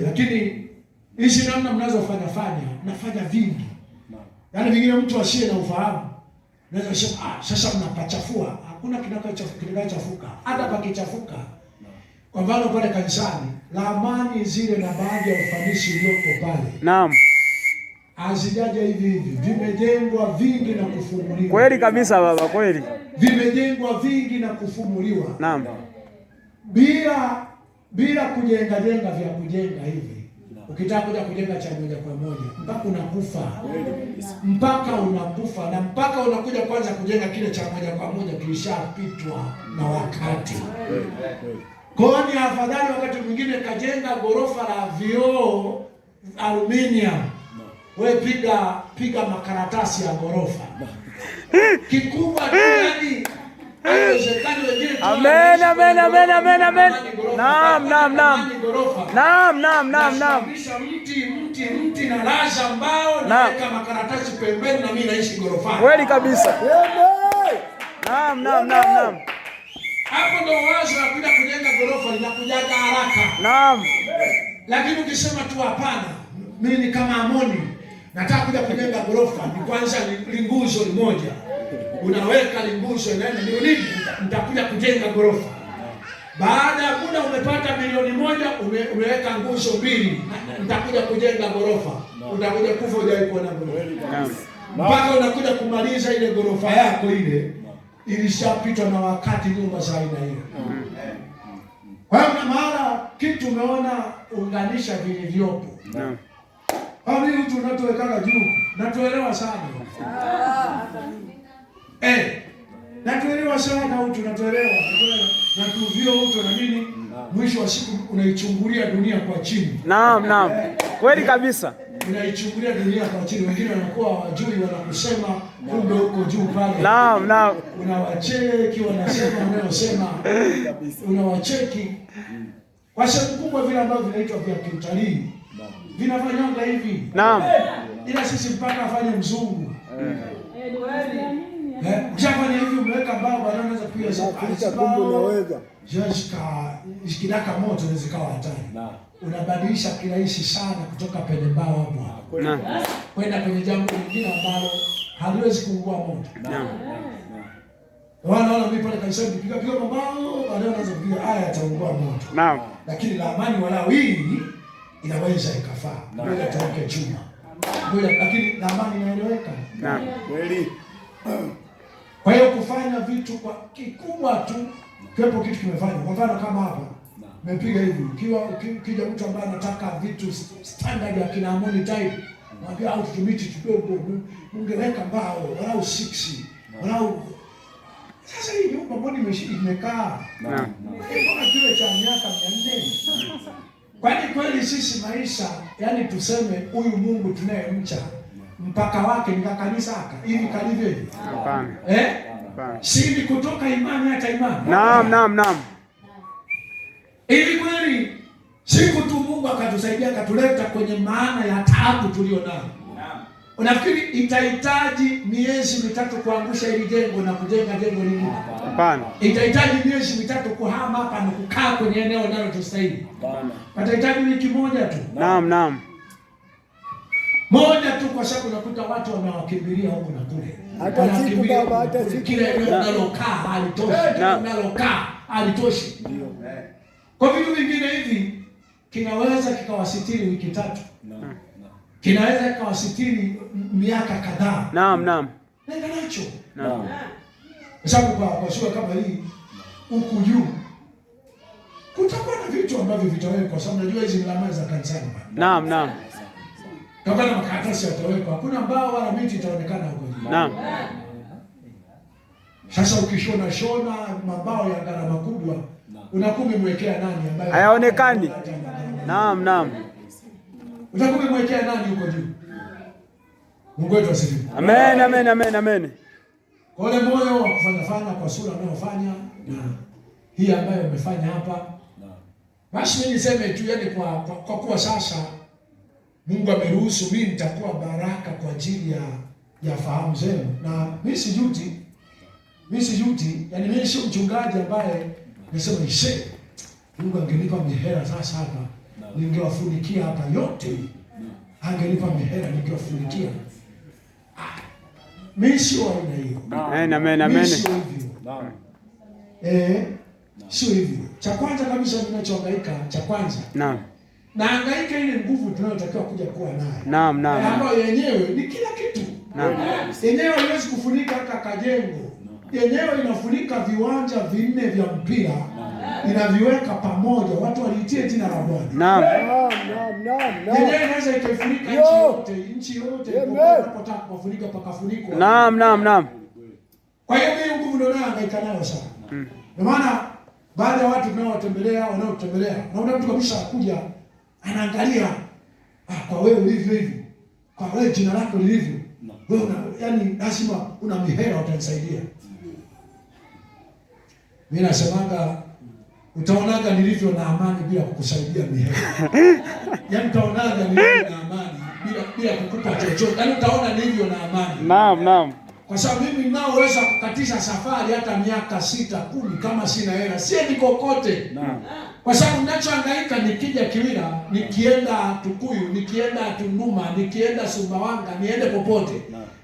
lakini hizi namna mnazofanya fanya mnafanya vingi, yaani vingine mtu asiye na ufahamu naweza sema ah, sasa mnapachafua. Hakuna kinachochafuka hata pakichafuka. Kwa mfano pale kanisani, amani zile na baadhi ya ufanisi ulioko pale, naam, hazijaja hivi hivi, vimejengwa vingi na kufumuliwa. Kweli kabisa baba, kweli vimejengwa vingi na kufumuliwa, naam, bila bila kujenga jenga vya kujenga hivi. Ukitaka kuja kujenga cha moja kwa moja, mpaka unakufa, mpaka unakufa, na mpaka unakuja kwanza kujenga kile cha moja kwa moja kilishapitwa na wakati. Kwa hiyo ni afadhali wakati mwingine kajenga ghorofa la vioo aluminium, we piga piga makaratasi ya ghorofa kikubwa tu Amen, amen, amen, amen, amen. Naam, naam, naam. Naam, naam, naam, naam. Mti, mti, mti na laza mbao na kama karatasi pembeni na mimi naishi gorofani. Kweli kabisa. Naam, naam, naam, naam. Hapo ndo wazo la kuja kujenga gorofa linakujaga haraka. Naam. Lakini ukisema tu hapana, mimi ni kama Amoni, nataka kuja kujenga gorofa, ni kwanza ni nguzo moja unaweka limbusho neno ni nini, nitakuja kujenga ghorofa. Baada ya muda umepata milioni moja, ume, umeweka nguzo mbili, nitakuja kujenga ghorofa. Utakuja kufa hujawahi kuona ghorofa, mpaka unakuja kumaliza ile ghorofa yako ile ilishapitwa na wakati, nyumba za aina hiyo. Kwa hiyo na kitu umeona, unganisha vilivyopo. Naam, mtu unatuwekaga juu, natuelewa sana ah, ah, ah. Eh, natuelewa sana hutu, natuelewa natuvio hutu na nini, mm. mwisho wa siku unaichungulia dunia kwa chini. Naam, naam, eh, kweli kabisa unaichungulia dunia kwa chini. Wengine wanakuwa wajui, wanakusema kumbe huko juu pale. Naam, naam, unawacheki wanasema unayosema, unawacheki mm. kwa sababu kubwa vile ambavyo vinaitwa vya kiutalii vinafanyanga hivi. Naam, ila sisi mpaka afanye mzungu eh. Eh, Eh, ukishafanya hivyo umeweka bao baadaye unaweza kupiga Kumbe unaweza. moto inaweza kawa hatari. Naam. Unabadilisha kirahisi sana kutoka penye mbao hapo. Naam. Kwenda kwenye jambo lingine ambalo haliwezi kuungua moto. Naam. Wana wana mimi pale kanisani nipiga piga mabao baadaye unaweza kupiga aya yataungua moto. Naam. Lakini la amani wala wili inaweza ikafaa. Ndio chuma. lakini la amani inaeleweka. Naam. Kweli. Kwa hiyo kufanya vitu kwa kikubwa tu, kiwepo kitu kimefanya. Kwa mfano kama hapa mepiga hivi, ukiwa ukija mtu ambaye anataka vitu standard ya kina Harmony type, mwambie au ah, tumiti kidogo, ungeweka mbao walau 6 walau sasa hii nyumba mbona imekaa? Naam. Mbona kile cha miaka 400? Kwani kweli sisi maisha, yani tuseme huyu Mungu tunayemcha mpaka wake ni kanisa haka hivi kalivyo hapana, eh, si kutoka imani hata imani. Naam, naam, naam. Hivi kweli siku tu Mungu akatusaidia akatuleta kwenye maana ya taabu tulio nayo. Unafikiri itahitaji miezi mitatu kuangusha hili jengo na kujenga jengo lingine? Hapana. Itahitaji miezi mitatu kuhama hapa na kukaa kwenye eneo linalotustahili? Hapana. Atahitaji wiki moja tu. Naam, naam. Moja tu kwa sababu unakuta watu wanawakimbilia huko na kule. Hata siku baba, hata siku kile unalokaa halitoshi, unalokaa eh, halitoshi. Eh. Kwa vitu vingine hivi kinaweza kikawasitiri wiki tatu. Naam. Hmm. Kinaweza kikawasitiri miaka kadhaa. Naam, naam. Nenda nacho. Naam. Kwa sababu kwa kwa sura kama hii huku juu kutakuwa na vitu ambavyo vitawekwa kwa sababu najua hizi ni mlamaza kanisani. Naam, naam maana makaratasi yatawekwa, hakuna mbao wala miti itaonekana huko juu. Naam. Sasa ukishona shona mabao ya gharama kubwa unakuwa mwekea nani ambaye hayaonekani? Naam, naam, utakuwa mwekea nani huko juu? Mungu wetu asifiwe. Amen, amen, amen, amen. Ole moyo wa kufanyafanya kwa sura unayofanya na hii ambayo umefanya hapa. Basi mimi niseme tu, yaani kwa, kwa, kwa kuwa sasa Mungu ameruhusu mimi nitakuwa baraka kwa ajili ya ya fahamu zenu, na mimi sijuti, mimi sijuti. Yani mimi sio mchungaji ambaye nasema ishe, Mungu angenipa mihera sasa hapa ningewafunikia hapa yote, angenipa mihera ningewafunikia. Ah, mimi sio aina hiyo. Amen, amen, amen. Eh, sio hivyo. Cha kwanza kabisa ninachohangaika, cha kwanza. Naam na angaika ile nguvu tunayotakiwa kuja kuwa nayo. Naam, naam. Ambayo yenyewe ni kila kitu. Naam. Yenyewe haiwezi kufunika hata kajengo. Yenyewe inafunika viwanja vinne vya mpira. Inaviweka pamoja, watu waliitie jina la Bwana. Naam. Naam, naam. Yenyewe inaweza ikafunika nchi yote, nchi yote inapotaka kufunika pakafunikwa. Naam, naam, naam. Kwa hiyo mimi nguvu ndio nayo angaika nayo sana. Mm. Ndio maana baada ya watu tunaowatembelea wanaotembelea, naona mtu kabisa akuja anaangalia ah, kwa wewe ulivyo hivyo, kwa wewe jina lako lilivyo no. wewe una, yani lazima una mihela utanisaidia mimi nasemanga utaonaga nilivyo na amani bila kukusaidia mihela. yani, utaonaga nilivyo na amani bila bila kukupa chochote. yani, utaona nilivyo na amani. Naam, naam kwa sababu mimi ninaoweza kukatisha safari hata miaka sita kumi kama sina hela siendi kokote, kwa sababu ninachohangaika nikija Kiwira, nikienda Tukuyu, nikienda Tunduma, nikienda Sumbawanga, niende popote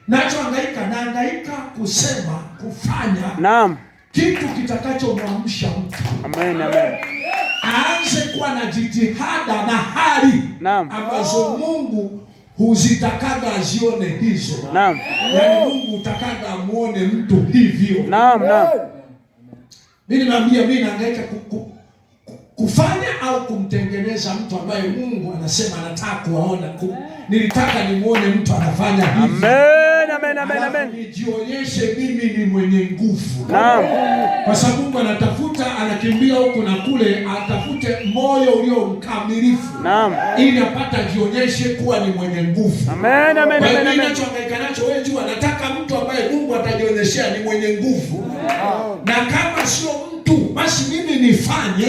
na. naangaika kusema kufanya naam kitu kitakachomwamsha mtu amen, amen, aanze kuwa na jitihada na hali naam ambazo Mungu huzitakaga azione hizo. Naam. Yaani Mungu utakaga amuone mtu hivyo. Naam, naam. Mimi naambia mimi naangaika kufanya au kumtengeneza mtu ambaye Mungu anasema anataka kuwaona. Nilitaka nimuone mtu anafanya hivyo. Amen amen, amen, amen. Nijionyeshe mimi ni mwenye nguvu, kwa sababu Mungu anatafuta, anakimbia huku na kule, atafute moyo ulio mkamilifu, ili apata jionyeshe kuwa ni mwenye nguvu. Amen, amen, amen. Inachohangaika nacho wewe, jua nataka mtu ambaye Mungu atajionyeshea ni mwenye nguvu, na kama sio mtu basi mimi nifanye,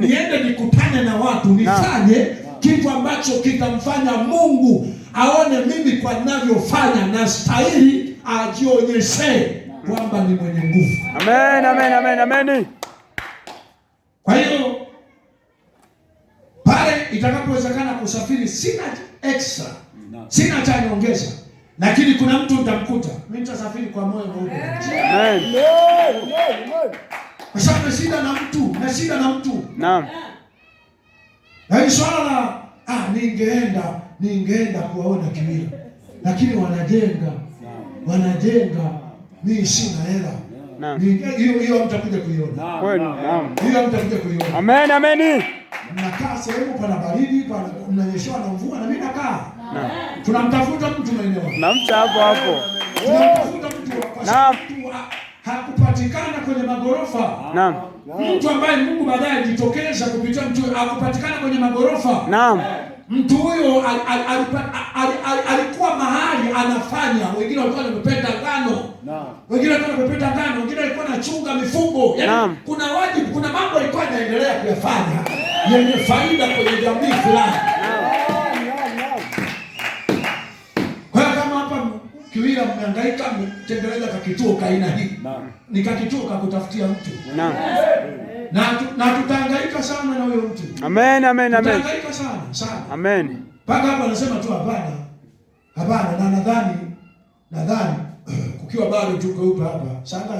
niende nikutane na watu, nifanye kitu ambacho ambacho kitamfanya Mungu aone mimi kwa ninavyofanya na stahili, ajionyeshe kwamba ni mwenye nguvu. Amen, amen, amen, amen. Kwa hiyo pale itakapowezekana kusafiri, sina extra, sina cha nyongeza, lakini kuna mtu nitamkuta, mimi nitasafiri kwa moyo mweupe, amen, Amen. kwa sababu shida na mtu na shida na mtu, naam, na yaani swala la ah, ningeenda ningeenda kuwaona Kiwira, lakini wanajenga wanajenga, mimi sina hela hiyo. Hiyo mtakuja kuiona, hiyo mtakuja kuiona. Amen, amen. Mnakaa sehemu pana baridi, mnanyeshwa na mvua, na mimi nakaa, tunamtafuta mtu maeneo, mtu hapo hapo, tunamtafuta mtu hakupatikana kwenye magorofa. Naam. Mtu ambaye Mungu baadaye alijitokeza kupitia mtu akupatikana kwenye magorofa. Naam. Mtu huyo alikuwa mahali anafanya, wengine walikuwa wanapepeta ngano. Naam. Wengine walikuwa wanapepeta ngano, wengine walikuwa wanachunga mifugo. Yaani kuna wajibu, kuna mambo alikuwa anaendelea kuyafanya yenye faida kwenye jamii fulani. Kiwira mmehangaika mtengeneza kakituo kaina hii. Naam. Ni kakituo kakutafutia mtu. Naam na tutahangaika sana na huyo mtu. Amen, amen, amen. Tutahangaika sana sana. Amen. Paka hapo anasema tu hapana. Hapana, na nadhani nadhani kukiwa bado tuko huko hapa. Sasa hapa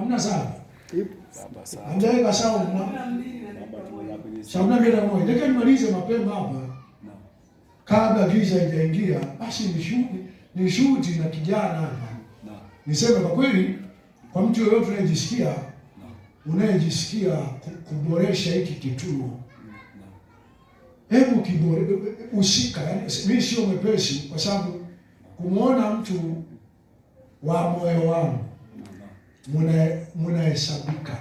hamna sana. Baba na nimalize mapema hapa. Kabla giza haijaingia, basi ni shuti na kijana hapa. Niseme kwa kweli kwa mtu yoyote anayejisikia unayejisikia kuboresha hiki kituo hebu usika. mimi sio mwepesi, kwa sababu kumwona mtu wa moyo wangu munahesabika,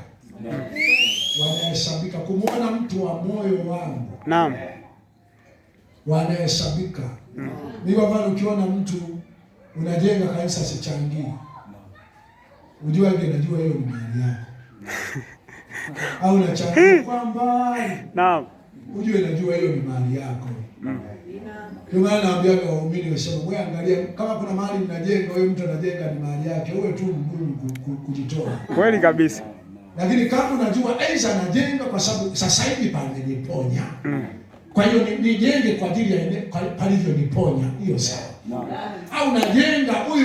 wanahesabika. Kumwona mtu wa moyo wangu, naam, wanahesabika. Ni kwa ukiona mtu unajenga kanisa sichangii, ujue najua hiyo ni mali yako au nachagua kwa mbali. Naam. Ujue najua hiyo ni mali yako. Naam. Kwa maana naambia kwa waumini wasema, wewe angalia kama kuna mali mnajenga, wewe mtu anajenga ni mali yake, wewe tu mgumu kujitoa. Kweli kabisa. Lakini kama unajua aisa anajenga kwa sababu sasa hivi pameniponya. Mm. Kwa hiyo nijenge kwa ajili ya palivyo hiyo sawa. Au najenga huyu